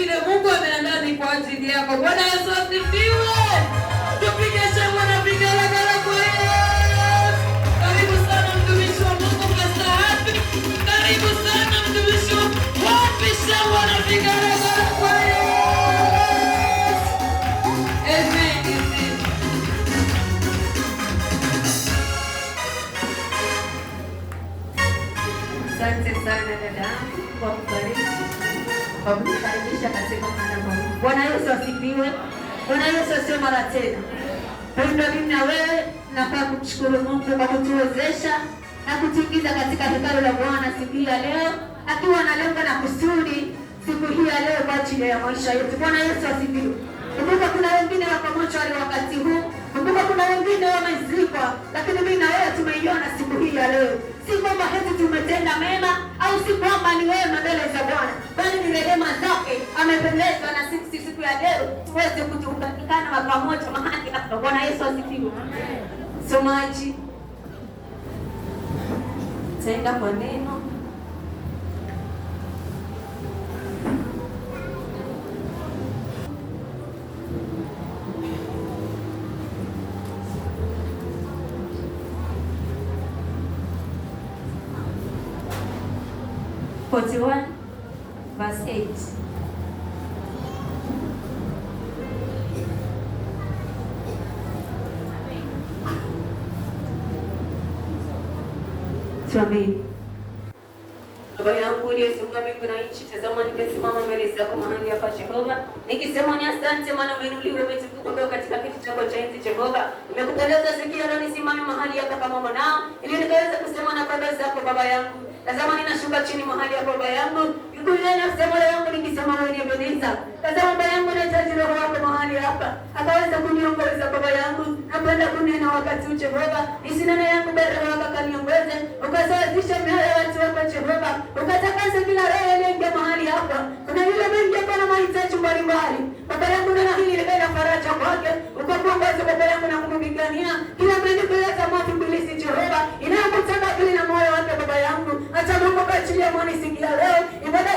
kile Mungu ameandaa ni kwa ajili yako. Bwana Yesu asifiwe. Tupige shangwe na vigelegele kwa Yesu. Karibu sana mtumishi wa Mungu Pastor Happy. Karibu sana mtumishi wa Happy, shangwe na vigelegele kwa Yesu. Amen. Asante sana dadangu kwa kubariki kwa kutukaribisha katika mwanadamu. Bwana Yesu asifiwe. Bwana Yesu asifiwe mara tena. Pendwa, mimi na wewe nafaa kumshukuru Mungu kwa kutuwezesha na kutuingiza katika hekalu la Bwana siku hii ya leo, akiwa na lengo na kusudi siku hii ya leo kwa ajili ya maisha yetu. Bwana Yesu asifiwe. Kumbuka kuna wengine wako mochwari wakati huu, kumbuka kuna wengine wamezikwa, lakini mimi na wewe tumeiona siku hii ya leo, si kwamba heti tumetenda mema kama ni wema mbele za Bwana, bali ni rehema zake amependezwa na sisi siku ya leo tuweze kuunganikana pamoja mahali hapa. Bwana Yesu asifiwe. somaji tenda kwa neno 41 verse 8. Baba yangu uliyeziunga mbingu na nchi, tazama nimesimama mbele zako mahali hapa Jehova, nikisema ni asante, maana umeinuliwa, umetukuka leo katika kiti chako cha enzi Jehova. Nimekupendeza sikia leo nisimame mahali hapa kama mwanao, ili nikaweza kusema na baba zako, baba yangu Tazama ninashuka chini mahali ya baba yangu. Mungu yeye anasema leo yangu nikisema wewe ni Ebeneza. Tazama baba yangu chaji roho yako mahali hapa. Akaweza kuniongoza baba yangu. Napenda kunena wakati uche Baba. Isinana yangu bado roho kaniongoze. Ukasawazisha mioyo ya watu wako Jehova. Ukatakasa kila roho iliyoingia mahali hapa. Kuna yule mwingi hapa na mahitaji mbalimbali. Baba yangu na hili ile na faraja kwake. Ukakuongoza baba yangu na kumwigania. Kila mwenye kuleta mafi Jehova. Inayokutaka kile na moyo wake baba yangu acha Mungu kaachilia mwana Isigila leo ibada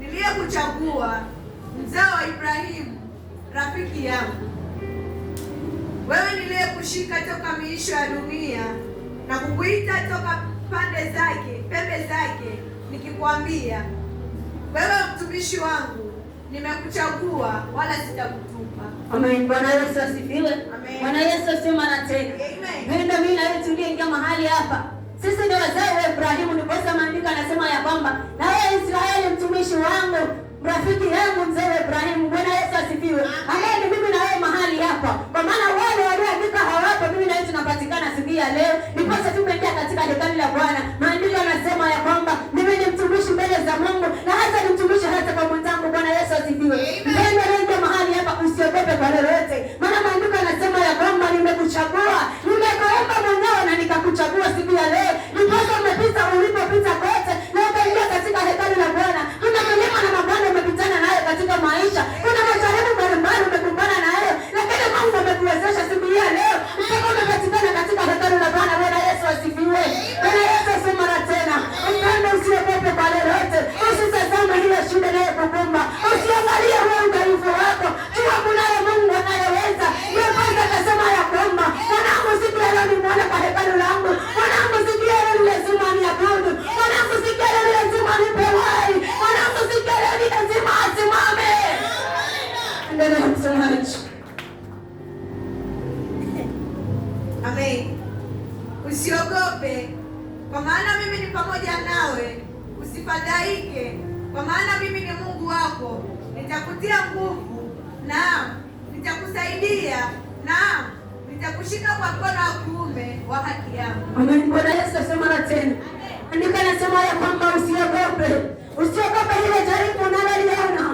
niliyekuchagua, mzao wa Ibrahimu, rafiki yangu, wewe niliyekushika toka miisho ya dunia na kukuita toka pande zake pembe zake, nikikwambia wewe mtumishi wangu, nimekuchagua wala sitakutupa. Amen. Bwana Yesu asifiwe. Amen. Bwana Yesu asifiwe mara tena. Nenda mimi na wewe tulie mahali hapa. Sisi ndio wazee wa Ibrahimu, ndiposa maandiko anasema ya kwamba na wewe Israeli, mtumishi wangu, rafiki yangu, mzee wa Ibrahimu. Bwana Yesu asifiwe, Amen. ni mimi na wewe mahali hapa, kwa maana wale walioandika hawapo, mimi na wewe tunapatikana siku ya leo, ndiposa tumeingia katika hekalu la Bwana. Maandiko anasema ya kwamba mimi ni mtumishi mbele za Mungu na hata ni mtumishi hata kwa mwenzangu. Bwana Yesu asifiwe. Mpendwa, mahali hapa usiogope kwa lolote, maana maandiko anasema ya kwamba nimekuchagua mwenyewe na nikakuchagua siku ya leo, ndiposa umepita ulipopita kote na ukaingia katika hekalu la Bwana. Kuna milima na mabonde umepitana nayo katika maisha. have so much. Amen. Usiogope kwa maana mimi ni pamoja nawe, usifadhaike kwa maana mimi ni Mungu wako, nitakutia nguvu, naam nitakusaidia, naam nitakushika kwa mkono wa kuume wa haki yangu. Amen. Bwana Yesu asema na tena, Andika nasema ya kwamba usiogope, usiogope hilo jaribu unaloliona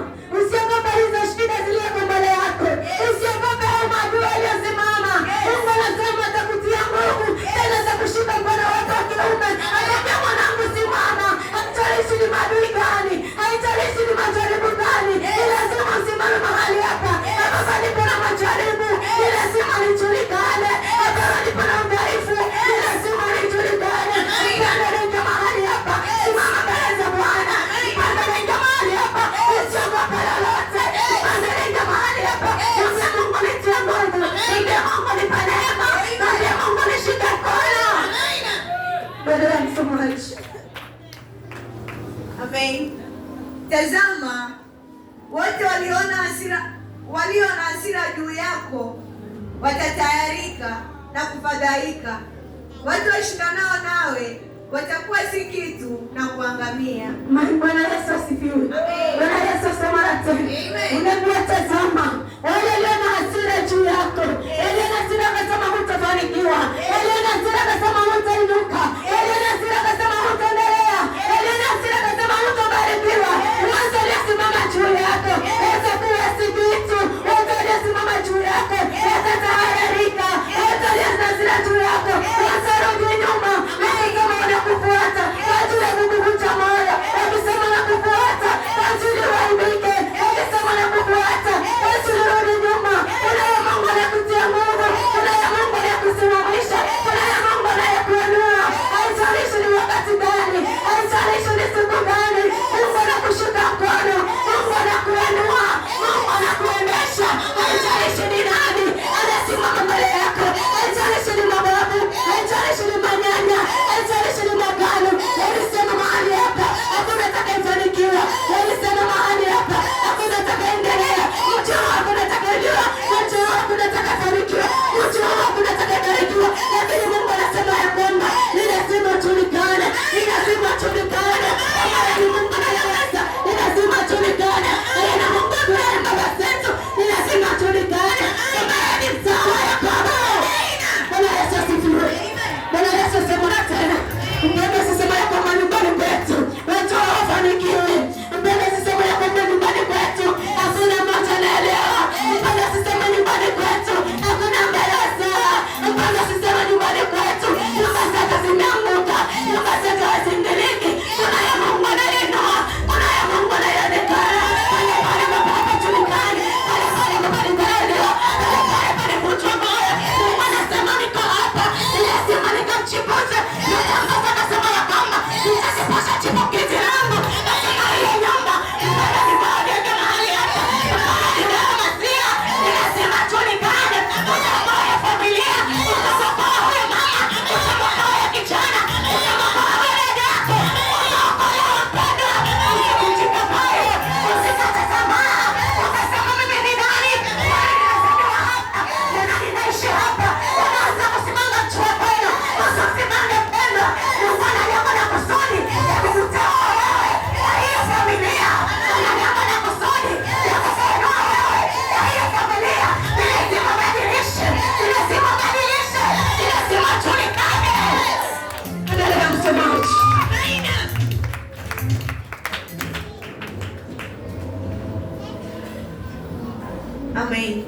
Amen.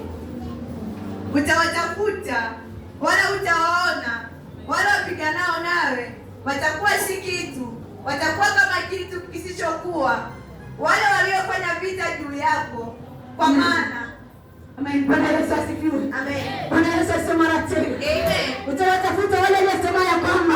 Utawatafuta wala utawaona, wala wapiganao nawe watakuwa si kitu, watakuwa kama kitu kisichokuwa, wale waliofanya vita juu yako, kwa maana Amen. Bwana Yesu asifiwe. Amen. Bwana Yesu asema mara tena. Amen. Utawatafuta wale waliosema ya kwamba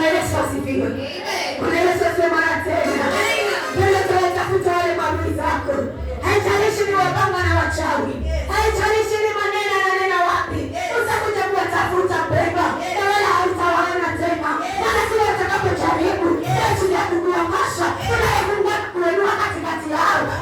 Bwana Yesu asifiwe. Bwana Yesu asifiwe mara tena. Bwana tunatafuta wale maadui zako. Haijalishi ni waganga na wachawi. Haijalishi ni maneno na neno wapi. Utakuja kuwatafuta mpema. Na wala hautawaona tena. Maana kila watakapojaribu, kwa ajili ya kukuangusha, unayekuwa kuinua katikati yao.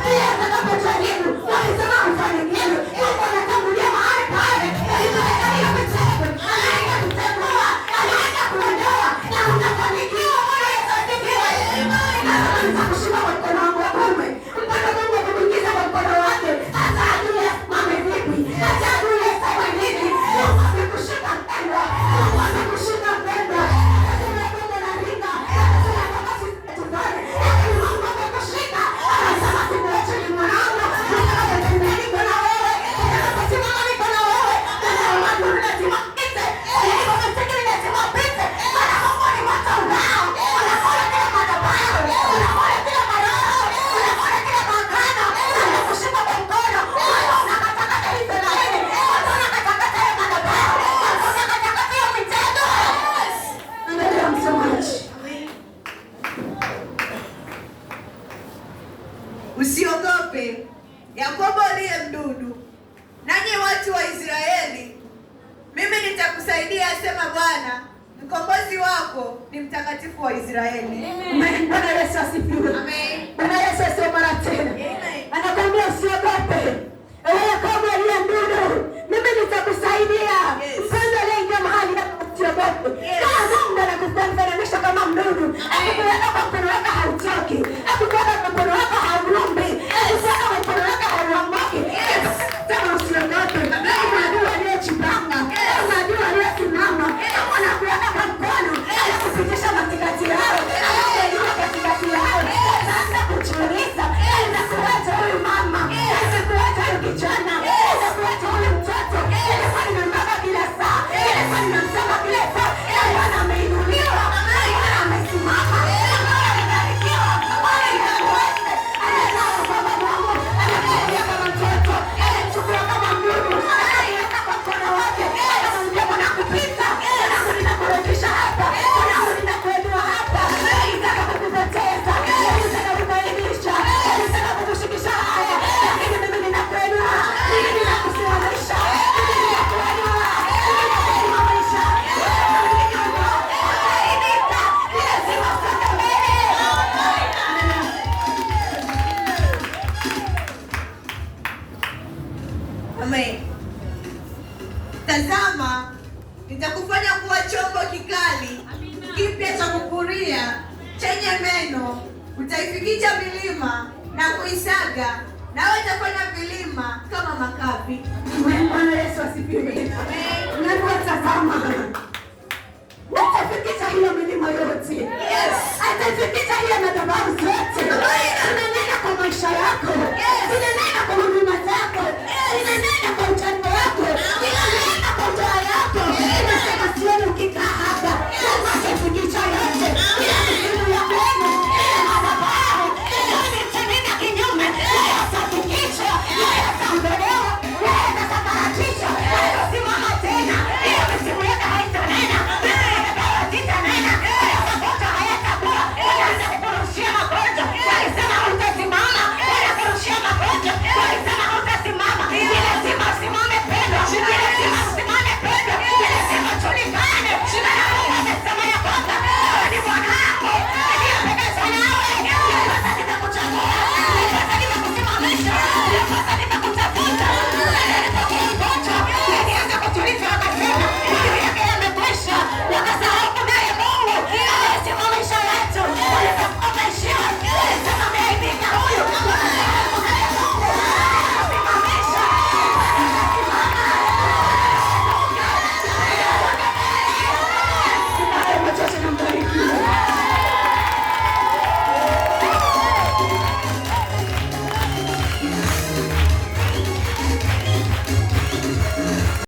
makapi. Bwana Yesu asifiwe. Amen. Unatazama